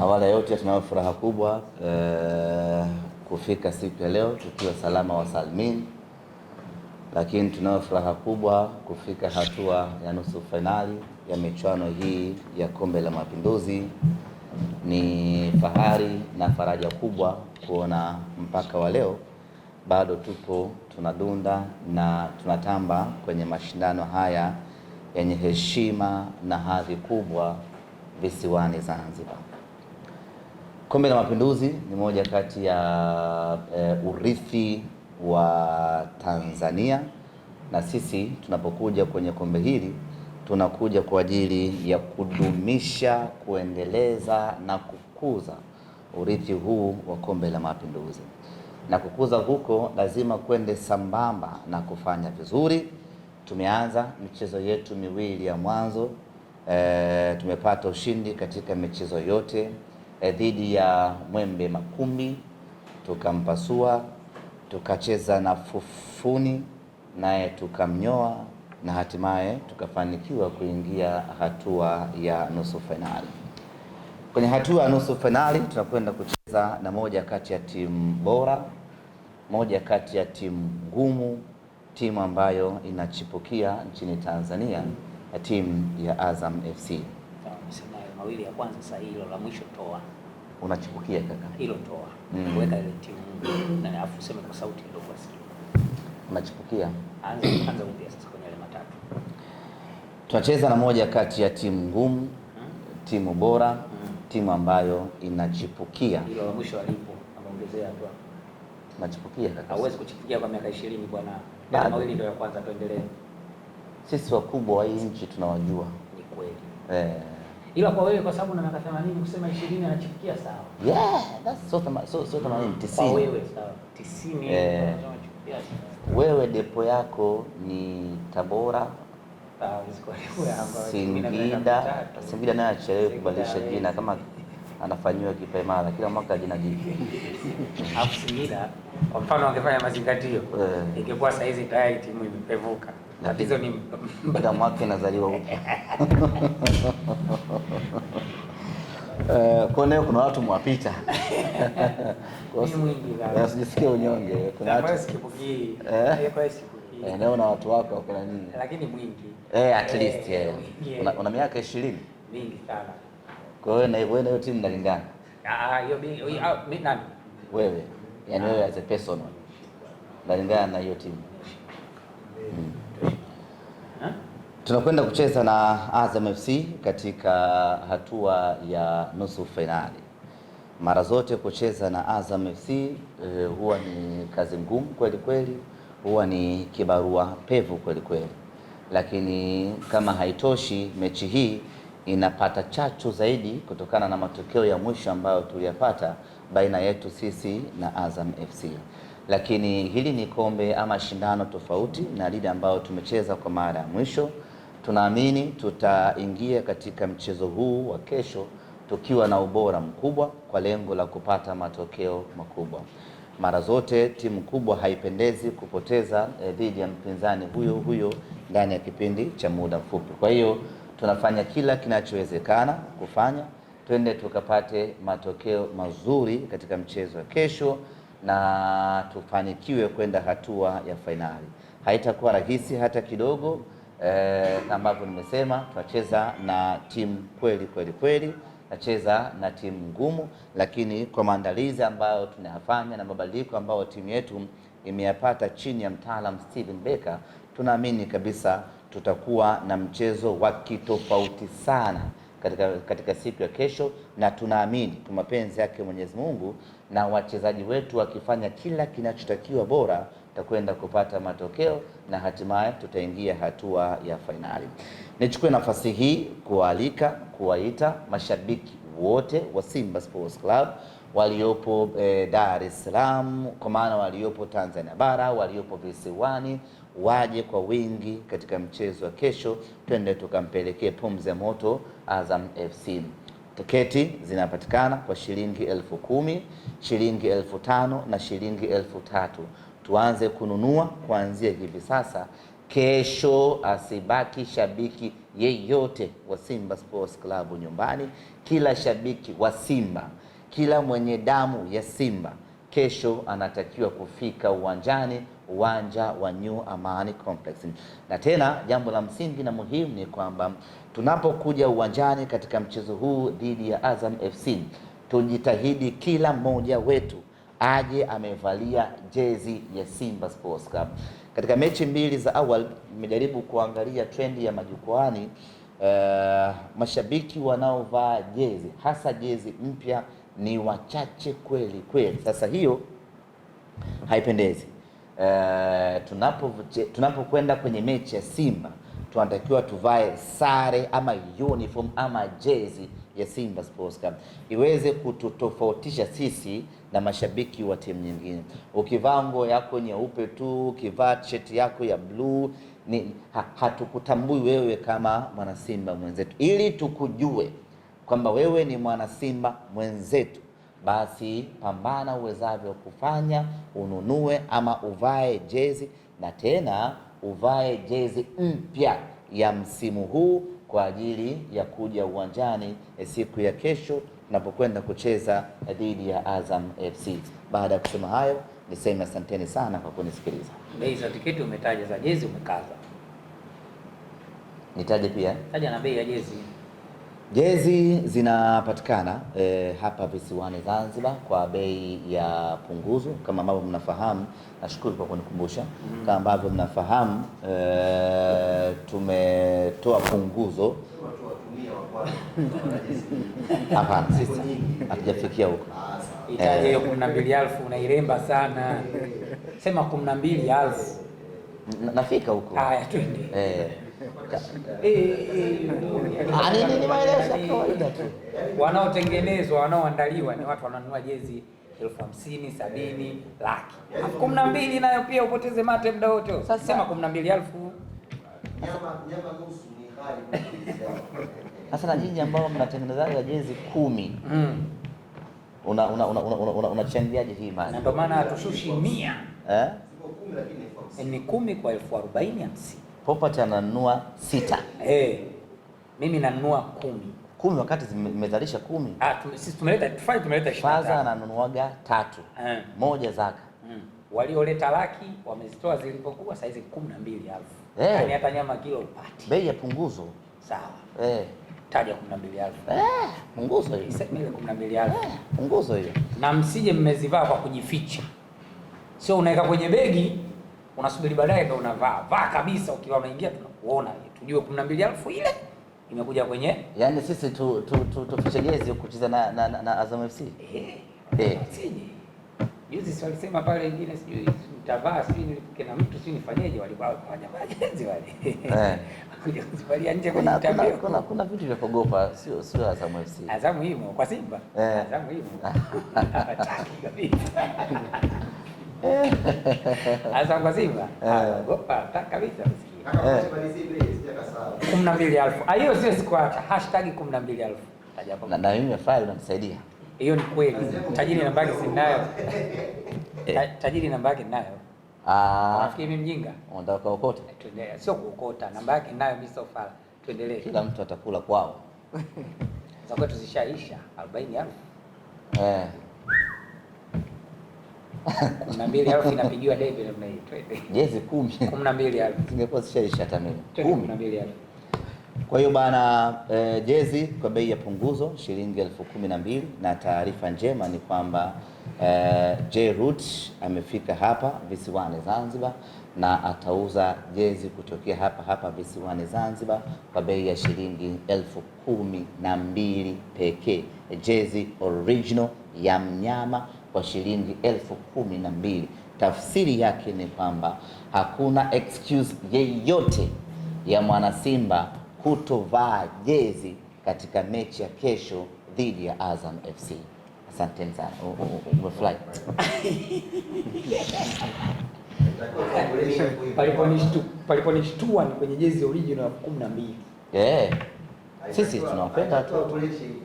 Awali yote tunayo furaha kubwa e, kufika siku ya leo tukiwa salama wa salmin, lakini tunayo furaha kubwa kufika hatua ya nusu fainali ya michuano hii ya Kombe la Mapinduzi. Ni fahari na faraja kubwa kuona mpaka wa leo bado tupo tunadunda na tunatamba kwenye mashindano haya yenye heshima na hadhi kubwa visiwani Zanzibar. Kombe la Mapinduzi ni moja kati ya e, urithi wa Tanzania na sisi tunapokuja kwenye kombe hili tunakuja kwa ajili ya kudumisha, kuendeleza na kukuza urithi huu wa Kombe la Mapinduzi. Na kukuza huko lazima kwende sambamba na kufanya vizuri. Tumeanza michezo yetu miwili ya mwanzo e, tumepata ushindi katika michezo yote. Eh, dhidi ya Mwembe Makumbi tukampasua, tukacheza na Fufuni naye tukamnyoa na hatimaye tukafanikiwa kuingia hatua ya nusu fainali. Kwenye hatua ya nusu fainali tunakwenda kucheza na moja kati ya timu bora, moja kati ya timu ngumu, timu ambayo inachipukia nchini Tanzania, timu ya Azam FC mawili ya kwanza, sasa hilo la mwisho toa, unachipukia kaka, hilo toa mm. weka ile timu na afu sema kwa sauti ndio kwa sikio, unachipukia. Anza anza upya sasa kwenye ile matatu. Tunacheza na moja kati ya timu ngumu hmm? timu bora hmm. timu ambayo inachipukia. Hilo la mwisho alipo ameongezea tu unachipukia kaka, hauwezi kuchipukia kwa miaka 20 bwana, ndio mawili ndio ya kwanza, tuendelee. Sisi wakubwa wa hii nchi tunawajua, ni kweli eh ila kwa wewe kwa sababu una miaka 80 kusema 20 anachipukia sawa. Yeah, that's so so so 80 90. Kwa wewe sawa. 90 eh, wewe depo yako ni Tabora ah, Singida. Singida naye achelewe kubadilisha eh. jina kama anafanyiwa kipaimara kila mwaka jina jipya. Alafu Singida kwa mfano angefanya mazingatio, eh. ingekuwa saizi tayari timu imepevuka. Tatizo ni damu yake inazaliwa huko. Eh, kwa leo kuna watu mwapita, usijisikie eh, unyonge. Eh? Leo na watu wako wako na nini, lakini mwingi eh, at least eh, una miaka ishirini, mingi sana. Kwa hiyo na wewe na hiyo timu nalingana, Ah, ah, ah wewe yani wewe as a person nalingana na hiyo timu. Hmm. Tunakwenda kucheza na Azam FC katika hatua ya nusu fainali. Mara zote kucheza na Azam FC uh, eh, huwa ni kazi ngumu kweli kweli, huwa ni kibarua pevu kweli kweli, lakini kama haitoshi, mechi hii inapata chachu zaidi kutokana na matokeo ya mwisho ambayo tuliyapata baina yetu sisi na Azam FC lakini hili ni kombe ama shindano tofauti na lile ambayo tumecheza kwa mara ya mwisho tunaamini tutaingia katika mchezo huu wa kesho tukiwa na ubora mkubwa kwa lengo la kupata matokeo makubwa. Mara zote timu kubwa haipendezi kupoteza eh, dhidi ya mpinzani huyo huyo ndani ya kipindi cha muda mfupi. Kwa hiyo tunafanya kila kinachowezekana kufanya twende tukapate matokeo mazuri katika mchezo wa kesho na tufanikiwe kwenda hatua ya fainali. Haitakuwa rahisi hata kidogo eh, na ambavyo nimesema tunacheza na timu kweli kweli kweli, tunacheza na timu ngumu, lakini kwa maandalizi ambayo tunayafanya na mabadiliko ambayo timu yetu imeyapata chini ya mtaalam Steven Becker, tunaamini kabisa tutakuwa na mchezo wa kitofauti sana katika, katika siku ya kesho, na tunaamini kwa mapenzi yake Mwenyezi Mungu na wachezaji wetu wakifanya kila kinachotakiwa bora takwenda kupata matokeo na hatimaye tutaingia hatua ya fainali. Nichukue nafasi hii kuwaalika kuwaita mashabiki wote wa Simba Sports Club waliopo e, Dar es Salaam, kwa maana waliopo Tanzania bara, waliopo visiwani waje kwa wingi katika mchezo wa kesho, twende tukampelekee pumzi ya moto Azam FC. Tiketi zinapatikana kwa shilingi elfu kumi, shilingi elfu tano na shilingi elfu tatu. Tuanze kununua kuanzia hivi sasa. Kesho asibaki shabiki yeyote wa Simba Sports Club nyumbani. Kila shabiki wa Simba kila mwenye damu ya Simba kesho anatakiwa kufika uwanjani, uwanja wa New Amani Complex. Na tena jambo la msingi na muhimu ni kwamba tunapokuja uwanjani katika mchezo huu dhidi ya Azam FC, tujitahidi kila mmoja wetu aje amevalia jezi ya Simba Sports Club. Katika mechi mbili za awali nimejaribu kuangalia trendi ya majukwaani, uh, mashabiki wanaovaa jezi hasa jezi mpya ni wachache kweli kweli. Sasa hiyo haipendezi. Uh, eh, tunapokwenda kwenye mechi ya Simba tunatakiwa tuvae sare ama uniform ama jezi ya Simba Sports Club iweze kututofautisha sisi na mashabiki wa timu nyingine. Ukivaa nguo yako nyeupe tu, ukivaa t-shirt yako ya bluu, ni ha, hatukutambui wewe kama mwanasimba mwenzetu. Ili tukujue kwamba wewe ni mwana Simba mwenzetu, basi pambana uwezavyo kufanya ununue ama uvae jezi, na tena uvae jezi mpya ya msimu huu kwa ajili ya kuja uwanjani eh, siku ya kesho tunapokwenda kucheza eh, dhidi ya Azam FC. Baada ya kusema hayo, niseme asanteni sana kwa kunisikiliza. Bei za tiketi umetaja, za jezi umekaza, nitaje pia, taja na bei ya jezi. Jezi zinapatikana e, hapa visiwani Zanzibar kwa bei ya punguzo kama ambavyo mnafahamu. Nashukuru kwa kunikumbusha. Mm-hmm. Kama ambavyo mnafahamu e, tumetoa punguzo. Hapana, sasa hatujafikia huko. Ah, Itaje eh. hiyo unairemba sana. Sema 12000. Nafika huko. Haya, twende. Eh ni maelezo ya kawaida tu. Wanaotengenezwa, wanaoandaliwa ni watu wananunua jezi elfu hamsini sabini laki kumi na mbili nayo pia upoteze mate muda wote. Sasa sema kumi na mbili elfu sasa, na nyinyi ambao mnatengenezaga jezi kumi unachangiaje? Mm. una, una, una, una, una hii mali ndio maana hatushushi mia eh? eh? ni kumi kwa elfu arobaini hamsini Popat ananunua sita hey, mimi nanunua kumi kumi wakati zimezalisha kumi. Ah, tu, sisi tumeleta tufai tumeleta shida. Faza ananunuaga tatu hmm. moja zaka Mm. walioleta laki wamezitoa zilipokuwa saizi 12,000. na hey. Eh. hata nyama kilo upati bei ya punguzo sawa Eh. hey. Taja 12,000. Eh, hey. punguzo hiyo kumi 12,000. mbili hey. Eh, punguzo hiyo, na msije mmezivaa kwa kujificha, sio unaweka kwenye begi unasubiri baadaye ndio unavaa vaa kabisa, ukiwa unaingia tunakuona, tujue kumi na mbili elfu ile imekuja kwenye, yani, sisi tu tu tu tufiche gezi kucheza na na, na, Azam FC eh eh, sije juzi si walisema pale wengine, sijui mtavaa, sijui nilipoke na mtu sijui nifanyeje, walikuwa wanavaa majezi wale eh, kuja kuzivalia nje kwenye mtandao. Kuna kuna vitu vya kuogopa, sio sio Azam FC, Azam himo kwa Simba eh, Azam himo hataki kabisa Eh. Eh. kumi na mbili elfu ah, hiyo sio sikuacha, hashtag kumi na mbili elfu na mimi file namsaidia. Hiyo ni kweli, tajiri namba yake sinayo, eh. tajiri namba yake nayo. Ah. Nafikiri mimi mjinga, unataka kuokota? Sio kuokota, namba yake nayo, mimi sio fala. Tuendelee, kila mtu atakula kwao, za kwetu zishaisha arobaini elfu kumi na mbili alfu inapigiwa namna hii, twende jezi kumi kumi na mbili zingekuwa zishaisha hata mimi kumi na mbili Kwa hiyo bana e, jezi kwa bei ya punguzo shilingi elfu kumi na mbili na taarifa njema ni kwamba e, eh, J Root amefika hapa visiwani Zanzibar na atauza jezi kutokea hapa hapa visiwani Zanzibar kwa bei ya shilingi elfu kumi na mbili pekee, jezi original ya mnyama kwa shilingi elfu kumi na mbili. Tafsiri yake ni kwamba hakuna excuse yeyote ya mwanasimba kutovaa jezi katika mechi ya kesho dhidi ya Azam FC. Asanteni sana. Umefurahi? Paliponishtua ni kwenye jezi original ya kumi na mbili. Eh, sisi tunawapenda tu.